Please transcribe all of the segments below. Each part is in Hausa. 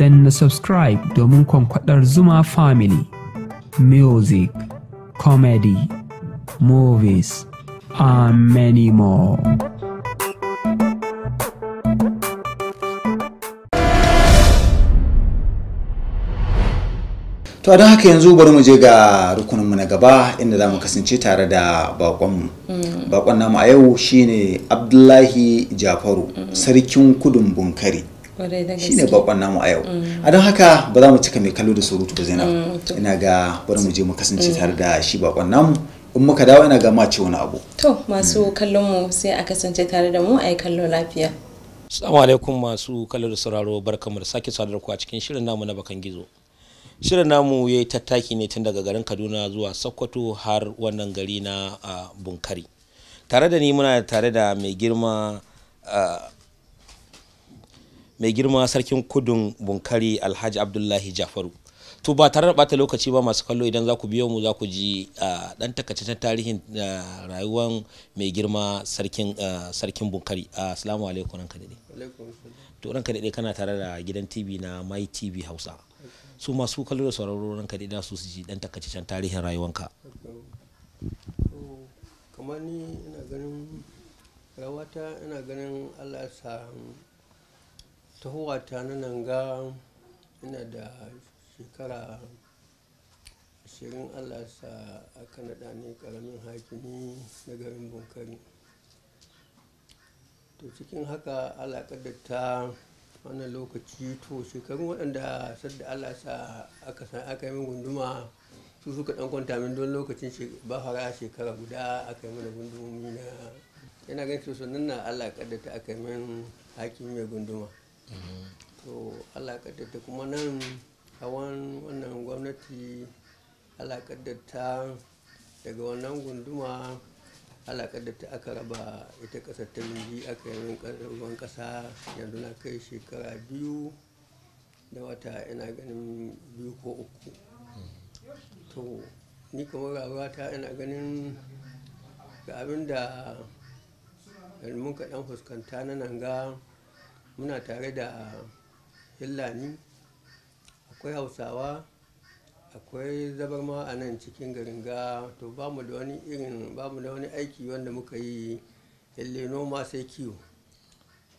na subscribe domin kwankwadar zuma family music comedy movies and many more to don haka yanzu bari mu je ga rukuninmu na gaba inda za mu kasance tare da bakonmu mm. bakon namu a yau shine abdullahi jafaru mm. sarkin kudin bunkari shi ne babban namu a yau mm. a don haka ba za mu cika mai kallo da surutu ba zainab mm, ina ga bari mu je mu kasance mm. tare da shi babban namu in muka dawo ina ga mace wani abu to masu kallon mu sai a kasance tare da mu a yi kallo lafiya assalamu alaikum masu kallo da sauraro barkamu da sake sadar ku a cikin shirin namu na bakan gizo shirin namu ya yi tattaki ne tun daga garin kaduna zuwa sokoto har wannan gari na bunkari tare da ni muna tare da mai girma mai girma sarkin kudun bunkari alhaji abdullahi jafaru to ba tare da bata lokaci ba masu kallo idan za ku biyo mu za ku ji dan takaitaccen tarihin rayuwar mai girma sarkin sarkin bunkari assalamu alaikum ranka dade to ranka dade kana tare da gidan tv na my tv hausa su masu kallo da sauraro ranka dade su su ji dan takaitaccen tarihin rayuwanka kamar ni ina ganin rawata ina ganin Allah ya tahowa ta na nan ga ina da shekara ashirin allah sa aka naɗa ne ƙaramin hakimi na garin bunkari to cikin haka alaƙar da ta wannan lokaci to shekarun waɗanda sadda allah sa aka yi min gunduma su suka ɗan kwanta min don lokacin ba fara shekara guda aka yi mana gundumomi na yana ganin to sannan na alaƙar da ta aka yi min hakimi mai gunduma to allah da kuma nan hawan wannan gwamnati allah ta daga wannan gunduma allah ta aka raba ita kasar ta minji aka yi ruwan kasa yanzu na kai shekara biyu da wata ina ganin biyu ko uku to ni kamar ta ina ganin ga abin da mun kaɗan fuskanta na nan ga muna tare da hillani akwai hausawa akwai zabarma a nan cikin garin ga to ba mu da wani irin ba mu da wani aiki wanda muka yi yalle noma sai kiwo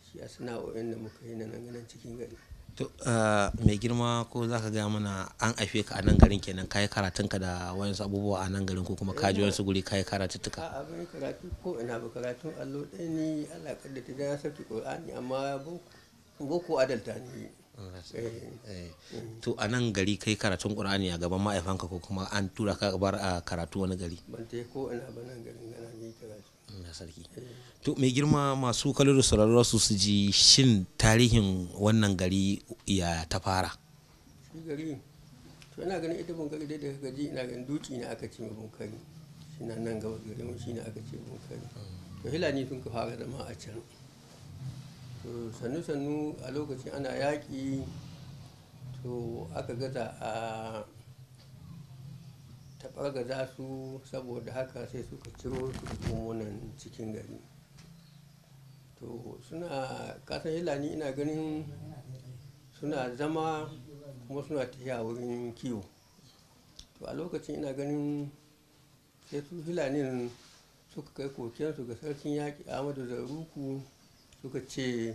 shi a sana'o'in da muka yi nan cikin gari To eh, mai girma ko za ka gaya mana an aife ka a nan garin kenan ka kayi ka da wayansu abubuwa a nan garin ko kuma ka ji wasu guri ka yi kayi karatuttuka. A abin karatu ko ina ba karatun allo ɗaya ne Allah ta da ya sauki Qur'ani amma boko adalta ne. Eh, eh. to a nan gari kai karatun qur'ani a gaban ma'aifanka ko kuma an tura ka bar a karatu wani gari ban ta ko ina ba nan garin gana ne karatu na sarki eh. to mai girma masu kallo da sauraron su su ji shin tarihin wannan gari ya ta fara shi gari to ina ganin ita bunkari dai daga gaji ina ganin duki ne aka ce bunkari shi na nan gaba gari mu shi ne aka ce bunkari mm. to hilani sun ka fara zama a can to sannu-sannu a lokacin ana yaƙi to aka gaza a taɓargaza su saboda haka sai suka ciro su kumunan cikin gari to suna kasan hilani ina ganin suna zama kuma suna tafiya wurin kiwo to a lokacin ina ganin sai su hilanin suka kai kokensu ga sarkin yaƙi amadu zaruku suka ce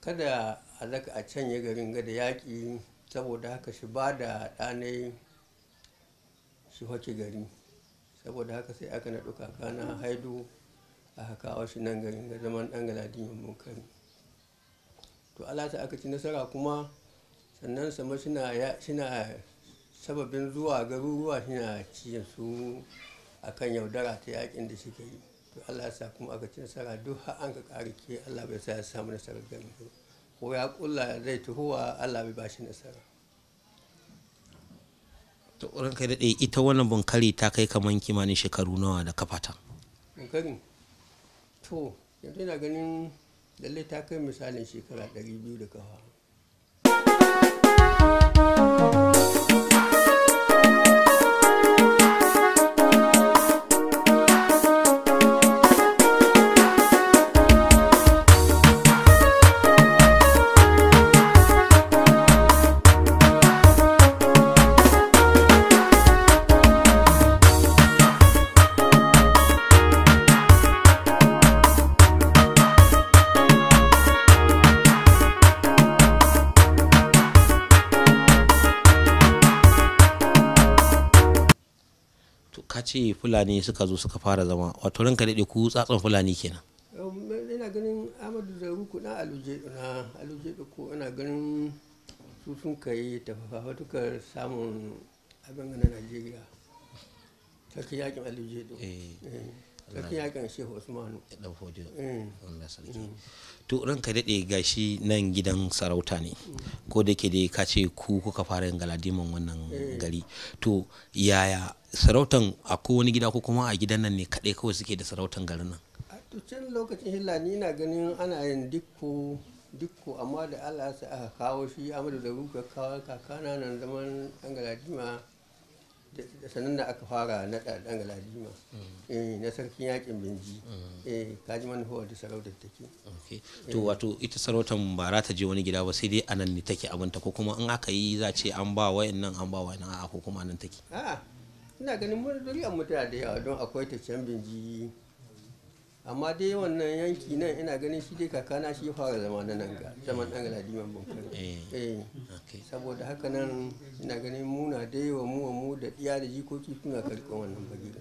kada a zaka a canye garin gada yaƙi saboda haka shi ba da ɗanai shi hoci gari saboda haka sai aka naɗu kana haidu aka kawo shi nan garin ga zaman ɗan galadimin munkari to alasa aka ci nasara kuma sannan sama shina sababin zuwa garuruwa shina ciye su akan yaudara ta yaƙin da ka yi to Allah ya sa kuma aka ci nasara duk har an ka ƙara ke Allah bai sa ya samu nasarar gani ba ko ya ƙulla zai tuhuwa Allah bai bashi nasara ta wurin kai daɗe ita wannan bunkari ta kai kamar kimanin shekaru nawa da kafata bunkarin to yanzu yana ganin lallai ta kai misalin shekara ɗari biyu da kafa ce fulani suka zo suka fara zama wato ranka daɗe ku tsatson fulani kenan ina ganin amadu da ruku na aluje na aluje ko ina ganin su sun kai tafafatukar samun abin na najeriya sarki yakin aluje da sarkin ya shehu usmanu dan fodiyo gashi nan gidan sarauta ne mm. ko da ke dai ka ce ku kuka fara yin galadiman wannan eh. gari to yaya sarautan a wani gida ko kuma a gidan nan ne kaɗai kawai suke da sarautan garin nan to can lokacin hilla ni na ganin ana yin dikko amma da Allah aka kawo shi amadu da ruka kawo kakana nan zaman galadima da sanin da aka fara na ɗan galadima mm. eh, na sarkin yakin binji mm. eh, ji manufawar da sarautar take to wato ita sarautar ba za ta je wani gida ba sai dai a nan ne take abinta ko kuma in aka yi za ce an ba wa nan an ba wa nan a ko kuma nan take ina ganin mun zuriyar mutane da yawa don akwai ta can binji amma dai wannan yanki nan ina ganin shi dai kakana shi fara zama na nan ga zaman dan galadiman bunkar eh, eh saboda haka nan ina ganin muna dai wa mu mu da iya da jikoki suna karɓar wannan bagi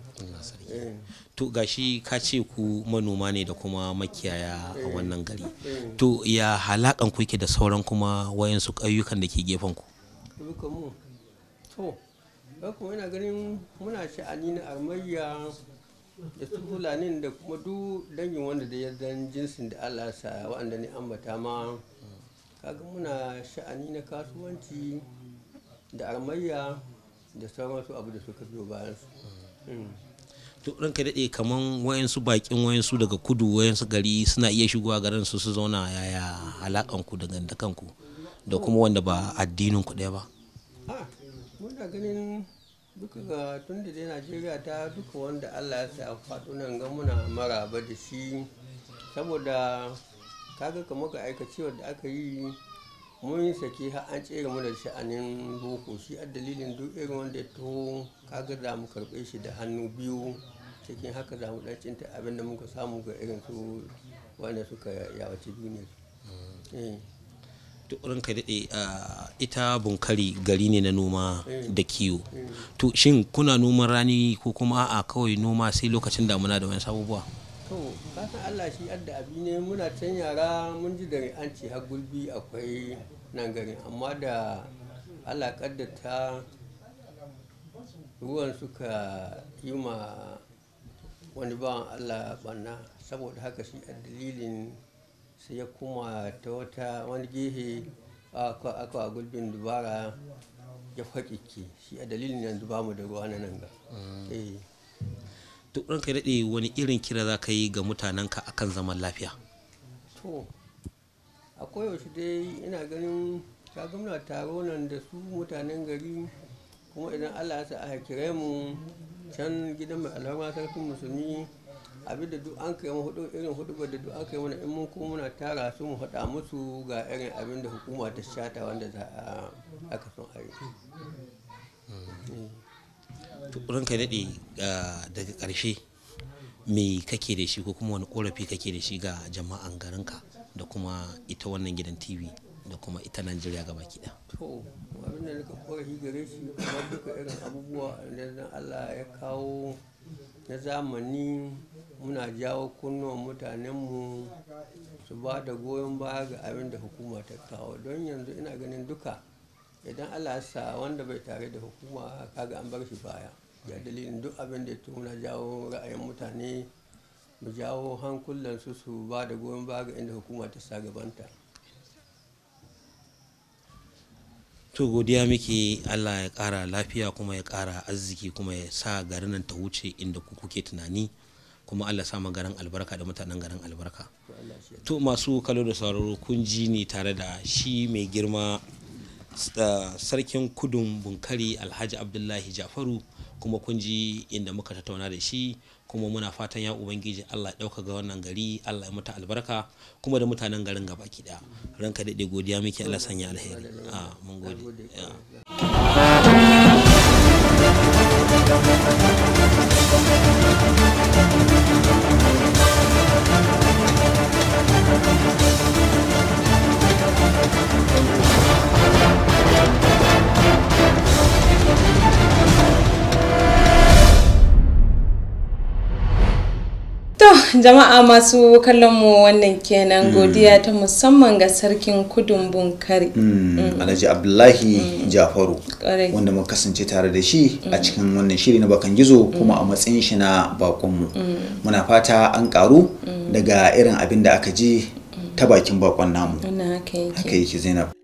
eh. to gashi ka ce ku manoma ne da kuma makiyaya a eh. wannan gari to ya halakan ku yake da sauran kuma wayan su ƙauyukan da ke gefen ku mu to kuma ina ganin muna sha'ani na armayya da su fulanin da kuma duk dangin wanda da ya dan jinsin da allah sa wa'anda ne ambata ma kaga muna sha'ani na kasuwanci da armayya da sauran su abu da suka biyo bayan su hmm. to ka daɗe kaman wayansu bakin wayansu daga kudu wayansu gari suna iya shigowa garin su su zauna yaya alakanku da gandakanku da kuma wanda ba addinin ku ɗaya ba ah, muna ganin duka ga tun da dai najeriya ta duka wanda allah ya sa faɗo nan ga muna maraba da shi saboda kaga ka ga aikacewar da aka yi mun sake har an tsere mu da sha'anin boko shi a dalilin duk irin wanda ya taho kaga za mu karɓe shi da hannu biyu cikin haka za mu ɗan cinta abinda muka samu ga irin su wanda suka yawaci duniya mm. eh. ranka daɗe ita bunkari gari ne na noma mm. da kiwo mm. to shin kuna noman rani ko kuma a kawai noma sai lokacin damuna da wani abubuwa to kasan allah shi adda abi ne muna can yara mun ji da an ce har gulbi akwai nan gari amma da allah kaddata ruwan suka yi ma wani bawan allah banna saboda haka shi a dalilin sai ya kuma ta wata wani gehe aka gulbin dubara ya faƙiƙe shi a dalilin yanzu ba mu da ruwa na nan ga mm. eh. to ka daɗe wani irin kira za ka yi ga ka akan zaman lafiya to a koyaushe dai ina ganin ta gwamna taro nan da su mutanen gari kuma idan allah ya sa a kire mu can gidan mai alhama sarkin musulmi abinda duk an kai hudu irin hudu da duk an kai mana in mun kuma muna tara su mu faɗa musu ga irin abin da hukuma ta shata wanda za a aka son a yi ranka daɗe ah, daga ƙarshe me kake da shi ko kuma wani ƙorafi kake da shi ga jama'an garinka da kuma ita wannan gidan tv da kuma ita najeriya ga baki da to abin da nika ƙorafi gare shi kuma duka irin abubuwa da allah ya kawo na zamani muna jawo kunnuwan mutanenmu su ba da goyon baya ga abin da hukuma ta kawo don yanzu ina ganin duka idan allah sa wanda bai tare da hukuma kaga an bar shi baya ya dalilin duk abin da ya muna jawo ra'ayin mutane mu jawo hankulansu su ba da goyon baya ga inda hukuma ta sa gabanta. to godiya muke allah ya kara lafiya kuma ya kara arziki kuma ya sa garin nan ta wuce inda ku kuke tunani kuma allah sa ma garin albarka da mutanen garin albarka to masu kallo da sauraro kun ji ni tare da shi mai girma sarkin kudun bunkari alhaji abdullahi jafaru kuma kun ji inda muka tattauna da shi kuma muna fatan ya ubangiji Allah ya ga wannan gari Allah ya mata albarka kuma da mutanen garin gaba ki daya ranka daɗe godiya muke Allah sanya alheri a ah, mun gode jama'a masu kallon mu wannan kenan mm. godiya ta musamman ga sarkin kudin bunkari mm, mm. alhaji abdullahi jafaru wanda mu kasance tare da shi a cikin wannan shiri na bakan gizo kuma a matsayin shi na bakonmu muna fata an karu daga irin abin da aka ji ta bakin bakon namu haka yake zainab